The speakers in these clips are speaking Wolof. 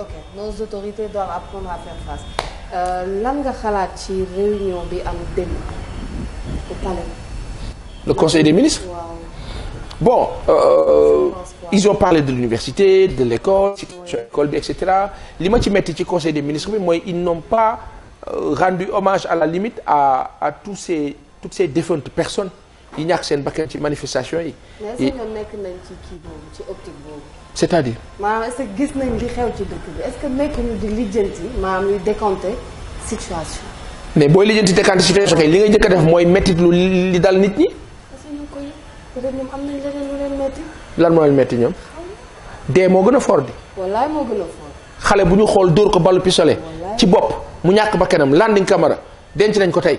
ok nos autorités doivent apprendre à faire face euh, L'angakhalati réunion bi le conseil des ministres bon euh, ils ont parlé de l'université de l'école etc les ma ci conseil des ministres mais moi ils n'ont pas euh, rendu hommage à la limite à tous ces toutes ces défuntes personnes yi ñàkk seen bakkan ci manifestation yi. mais nekk nañ ci kii boobu ci optique boobu. c'est-à-dire. maanaam est gis nañ li xew ci dëkk bi est-ce que di lijjanti maanaam di décompter situation. mais booy lijjanti décompter situation kay li nga jëkk a def mooy métti lu li dal nit ñi. parce que ñu koy peut lan moo leen métti ñoom. dee moo gën a fort di. wallaay xale bu ñu xool dóor ko ballu pistolet. ci bopp mu ñàkk bakkanam landing camera denc nañ ko tey.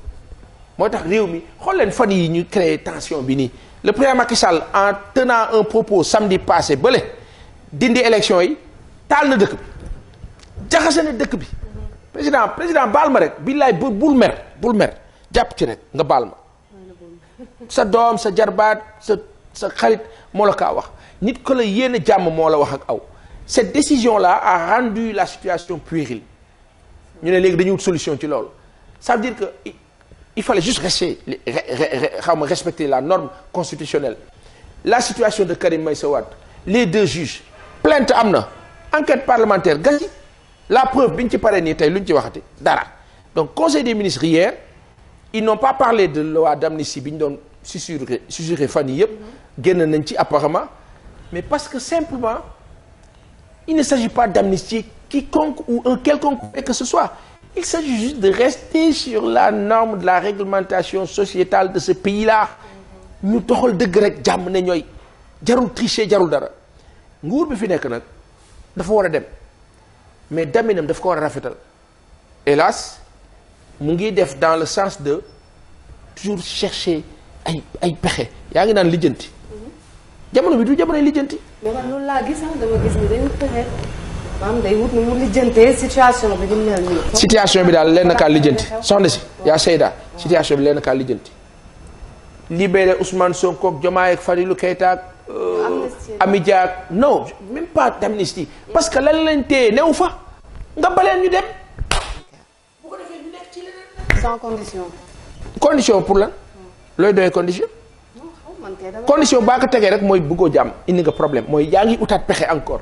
moo tax réew mi xool leen fan yi ñu créer tension bi ni le président Macky Sall en tenant un propos samedi passé bële dindi élection yi tal na dëkk bi na dëkk bi président président balma rek billahi bu bul mer bul mer ci rek nga balma sa dom sa jarbat sa sa xarit moo la kaa wax nit ko la wax ak aw cette décision là a rendu la situation puérile ñu né légui dañu solution ci lool ça veut dire que il fallait juste rester, respecter la norme constitutionnelle. La situation de Karim Maïsawad, les deux juges, plainte amna, enquête parlementaire, La preuve, binti pareni, tay lunti waxati, dara. Donc, conseil des ministres hier, ils n'ont pas parlé de loi d'amnistie, ils don susurré Fanny apparemment, mais parce que simplement, il ne s'agit pas d'amnistie quiconque ou un quelconque que ce soit. Il s'agit juste de rester sur la norme de la réglementation sociétale de ce pays-là. ñu doxal dëgg rek jàmm ne ñooy jarul tricher jarul dara nguur bi fi nekk nag dafa war a dem mais daminam daf ko war a rafetal hélas mu ngi def dans le sens de toujours chercher ay ay pexe yaa ngi naan lijjanti mhm. jamono bi du jamonoy lijjanti. mais man loolu laa gis dama gis dañu pexe. maanaam day wut situation bi ni mel nii. situation bi daal lenn kaa lijjanti soxna si yaa Seyda situation bi lenn kaa lijjanti. libéré Ousmane Sonko ak Diomaye ak Fadilou Keita ak. Euh, Ami Dia ak parce que lan lañ téye new fa. nga baleen ñu dem. bu condition. pour lan. looy doyee condition. condition baa ko tegee rek mooy bëggoo jàmm indi nga problème mooy yaa ngi utaat pexe encore.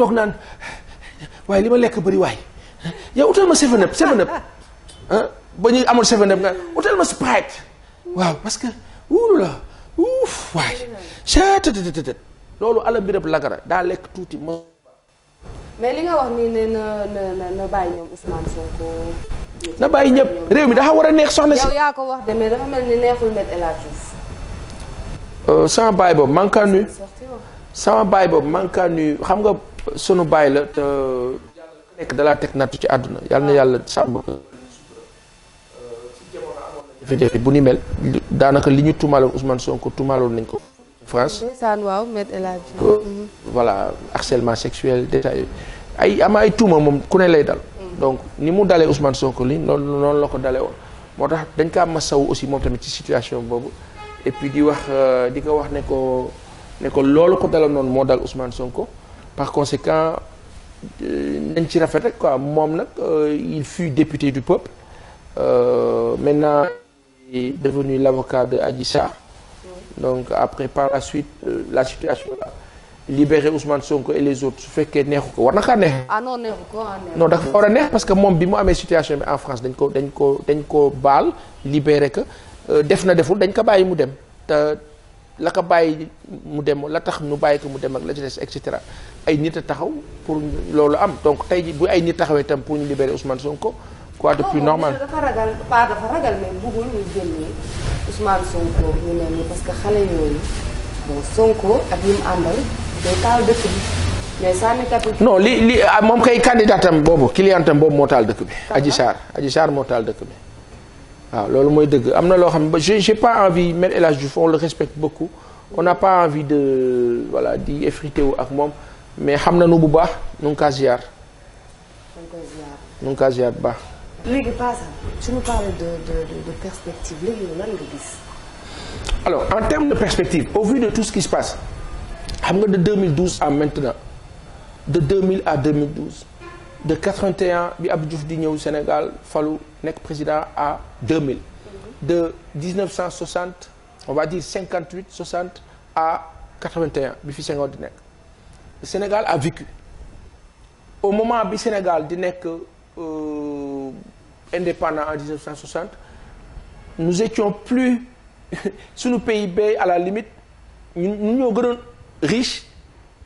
toog naan waaye li ma lekk bëri waay yow utal ma seven up seven up ah, ba ñuy amoon seven up nga utal ma sprite waaw parce que wuulu la uuf waay chatëtëtëtët loolu ala lagara daa lekk tuuti mo li nga wax nii ne na bàyyi ñëpp réew mi dafa war a neex soxna si. yow yaa ko euh, sama baay boobu man nuyu. sama baay boobu man nuyu xam nga sunu bàyyi la te da la tek natu ci aduna yalla na yàlla sàmm ko jafe-jafe bu ni mel danaka liñu tumal Ousmane Sonko tumaaloon nañ ko France waaw voilà harcèlement sexuel détail ay ama ay tuma mom ku ne lay dal mm. donc ni mu dalé Ousmane Sonko li non noonu la ko dalé won motax tax dañ kaa masawu aussi mom tamit ci situation bobu et puis di wax euh, di ko wax ne ko ne ko loolu ko dalal non mo dal Ousmane Sonko par conséquent euh, nañ ci rafet quoi euh, il fut député du peuple euh, maintenant il est devenu l'avocat de Adissa. donc après par la suite euh, la situation là libérer Ousmane Sonko et les autres su fekkee neexu ko ah non neexu ko ah, non dafa war parce que moom bi mu situation bi en France dañ ko dañ ko dañ ko libéré que euh, def na deful ko bàyyi mu dem te la ko bàyyi mu dem la tax ñu bàyyi ko mu dem ak la ci ay nit taxaw pour lolu am donc tey bu ay nit taxawé tam pour ñu libérer Ousmane Sonko quoi de plus normal dafa ragal pas dafa ragal même bu bëggul ñu génnee Ousmane Sonko ñu né ni parce que xalé yooyu bon Sonko ak ñu andal àndal day taal dëkk bi. mais ni tapu non li li ah, mom kay candidat tam bobu client tam bobu mo taal dëkk bi. Adji Sarr Adji Sarr moo taal dëkk bi waaw lolu moy dëgg amna lo xam j'ai pas envie même El Hadj fond le respecte beaucoup on n'a pas envie de voilà di effriter wu ak mom mais bu baax nous tu nous parles de de de perspective alors en termes de perspective au vu de tout ce qui se passe xam nga de 2012 à maintenant de 2000 à 2012 de 81 bi Abdou au di Sénégal falu nek président à 2000. de 1960 on va dire 58 60 à 81 bi fi Senghor le Sénégal a vécu au moment où le Sénégal était euh, indépendant en 1960 nous étions plus pays PIB à la limite nous plus riches riche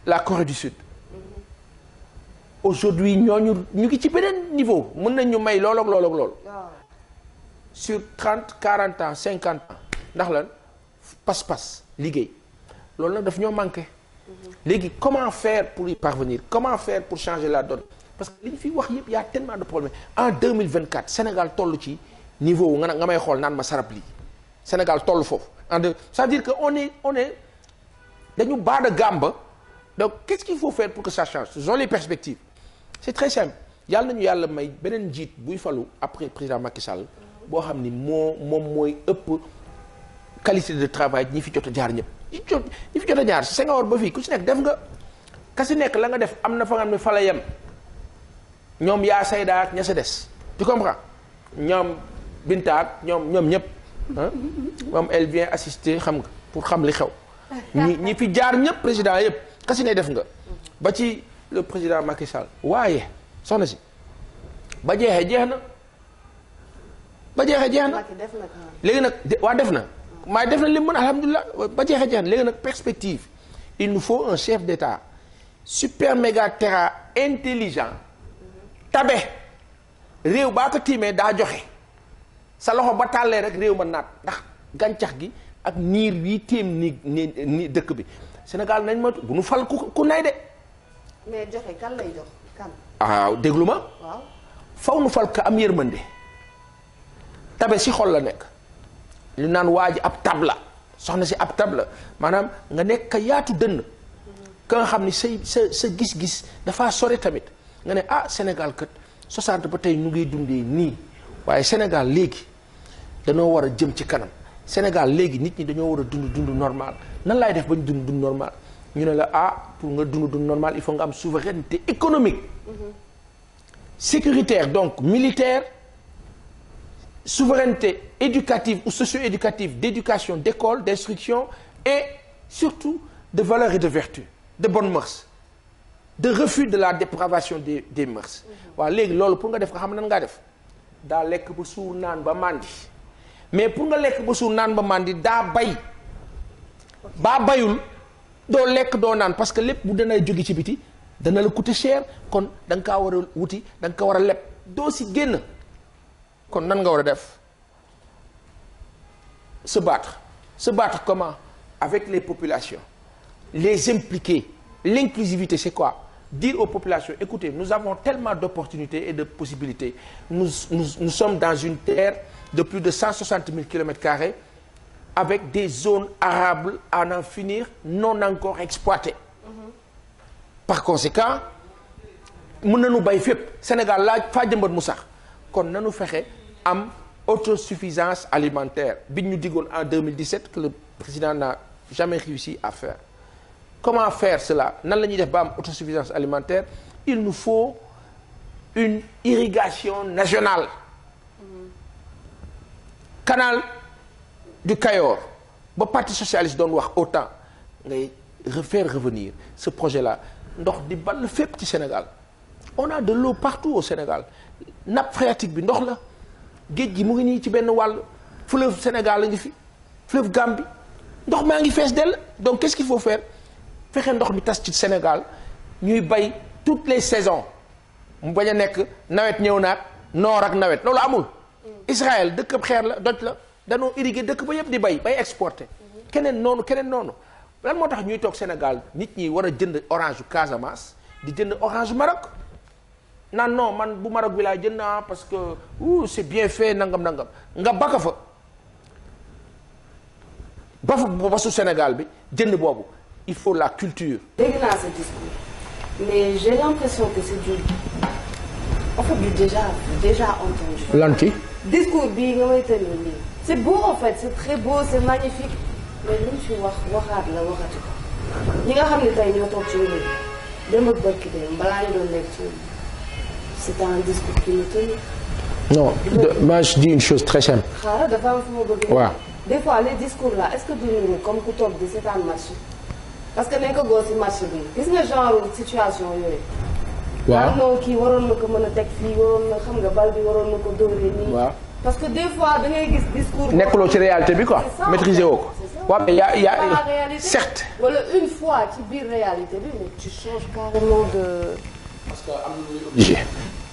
la Corée du Sud aujourd'hui nous ñu un ci niveau Nous ñu may sur 30, 40, ans 50 ans nous avons pas-pas liggéey Nous avons manqué comment faire pour y parvenir comment faire pour changer la donne parce que li fi y a tellement de problèmes en 2024 Sénégal est ci niveau où nga nga may xool naan ma sarap Sénégal est le en ça c'est-à-dire que on est on est dañu bas de gamme donc qu'est-ce qu'il faut faire pour que ça change ce sont les perspectives c'est très simple yàlla le a may beneen njiit buy le après président Macky Sall il y a moo qualité de travail ñi fi très importante ñi jot a jaar Senghor ba fii ku si def nga ka si nekk la nga def am na fa xam ne fa yem ñoom yaa sayda ña sa des tu comprends ñoom Binta ñoom ñoom ñëpp ah. moom elle vient xam nga pour xam li xew ñi ñi fi jaar ñëpp président yëpp ka si ne def nga ba ci le président Macky Sall waaye soxna si ba jeexee jeex na ba jeexee jeex na léegi nag waa def na mais def na li mën ba jeex a jeex perspective il nous faut un chef d'État super méga terra intelligent tabe réew ba ko timé da joxé sa loxo ba talé rek réew ma nat ndax gàncax gi ak niir wi tém ni ni dëkk bi Sénégal nañ ma bu nu fal ku ku nay dé mais joxé kan lay jox kan. ah déglu ma. waaw faw nu fal ka am yërmande tabé si xol la nek. li naan waa ab tab la soxna si ab tab la maanaam nga nekk ka yaatu dënn ka nga xam ni say sa sa gis-gis dafaa sore tamit nga ne ah Sénégal kat 60 ba tey ñu ngi dundee nii waaye Sénégal léegi dañoo war a jëm ci kanam Sénégal léegi nit ñi dañoo war a dund dund normal nan laay def ba ñu dund dund normal ñu ne la ah pour nga dund dund normal il faut nga am souveraineté économique mm-hmm. sécuritaire donc militaire souveraineté éducative ou socio-éducative, d'éducation, d'école, d'instruction et surtout de valeurs et de vertus, de bonnes mœurs, de refus de la dépravation des, des mœurs. Mhm. waaw léegi loolu pour nga def ko xam nan ngaa def daa lekk ba mais pour nga lekk ba suur naan ba màndi daa bay baa bayul do lek do naan parce que lepp bu dana jóge ci biti dana la coûter cher kon dang ka kaa wuti dang ka war a si génn se battre se battre comment avec les populations les impliquer l'inclusivité c'est quoi dire aux populations écoutez nous avons tellement d'opportunités et de possibilités nous, sommes dans une terre de plus de 160 000 km avec des zones arables à en finir non encore exploitées mm-hmm. par conséquent nous nañu bay Sénégal kon nanu ferait am autosuffisance alimentaire nous ñu en 2017 que le président n'a jamais réussi à faire comment faire cela nan le def autosuffisance alimentaire il nous faut une irrigation nationale canal du Cayor Le parti socialiste donne autant ngay refaire revenir ce projet là Donc, di fait fêtes, petit Sénégal on a de l'eau partout au Sénégal nappe phréatique bi la fleuve Sénégal fleuve Gambie ma ngi fess donc qu'est-ce qu'il faut faire Fexé un mi tas ci Sénégal ñuy bay toutes les saisons mu bañ nek nawet ak nawet lolu amul. Mm. Israël dëkk la doj la irriguer deuk ba yeb di bay bay exporter. Mm-hmm. Kenen nous non lan ñuy Sénégal nit ñi wara jënd orange Casamance di jënd orange Maroc. Non, non man bu Maroc ah, parce que c'est bien fait nangam nangam nga baka fa ba Sénégal bi jënd il faut la culture. mais j'ai l'impression que c'est du en fait déjà déjà entendu. L'anti. discours c'est beau en fait c'est très beau c'est magnifique mais nous nous sais pas, c'est un discours qui nous Non, moi je dis une chose très simple. Ah, des fois, les discours là, est-ce que nous, comme Koutob, de un match Parce que nous avons une genre de situation parce que des fois da discours. quoi maîtriser au y' y' a certes. une fois ci la réalité mais tu changes carrément de. parce que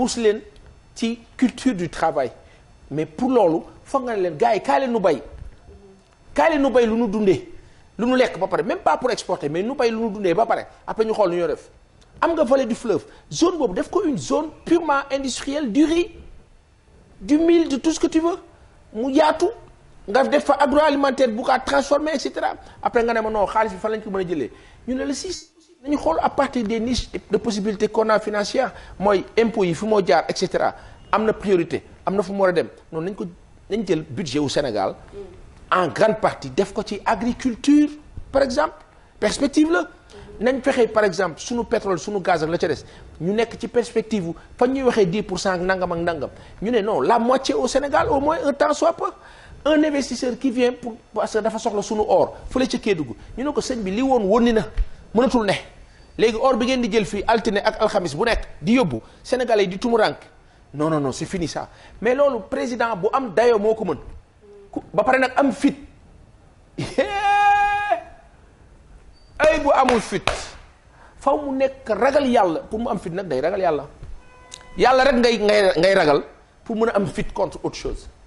pousse leen ci culture du travail mais pour loolu foog nga ne leen gars yi kaay nous nu bay kaay leen nu bay lu nu dundee lu nu lekk ba pare même pas pour exporter mais nous bay lu nu dundee ba pare après ñu xool nu ñoo def am nga du fleuve zone boobu def ko une zone purement industrielle du riz du mil de tout ce que tu veux mu yaatu nga def fa agroalimentaire bu à transformer et cetera après nga ne ma non xaalis bi fan lañ ko mën a jëlee ñu ne la nous xool à partir des niches de possibilités qu'on a financière moi impôts yi fu moo jaar am priorité am na fu a dem noonu nañ ko nañ budget au Sénégal en grande partie def ko ci agriculture par exemple perspective là. nañ fexe par exemple nos pétrole nos gaz ak la ca des ñu nekk ci perspective fa ñuy 10 nangam ak nangam ñu ne non la moitié au Sénégal au moins un temps soit peu un investisseur qui vient pour parce que dafa soxla sunu or les checker Kédougou ñu ne ko sëñ bi li woon wóni na mënatul ne léegi or bi ngeen di jël fii altine ak alxamis bu nekk di yóbbu sénégalais yi di tumurank non non non c'est fini ça mais loolu président bu am dayo moo ko mën ba pare nag am fit ay bu amul fit faw mu nekk ragal yàlla pour mu am fit nag day ragal yàlla yàlla rek ngay ngay ngay ragal pour mun a am fit contre autre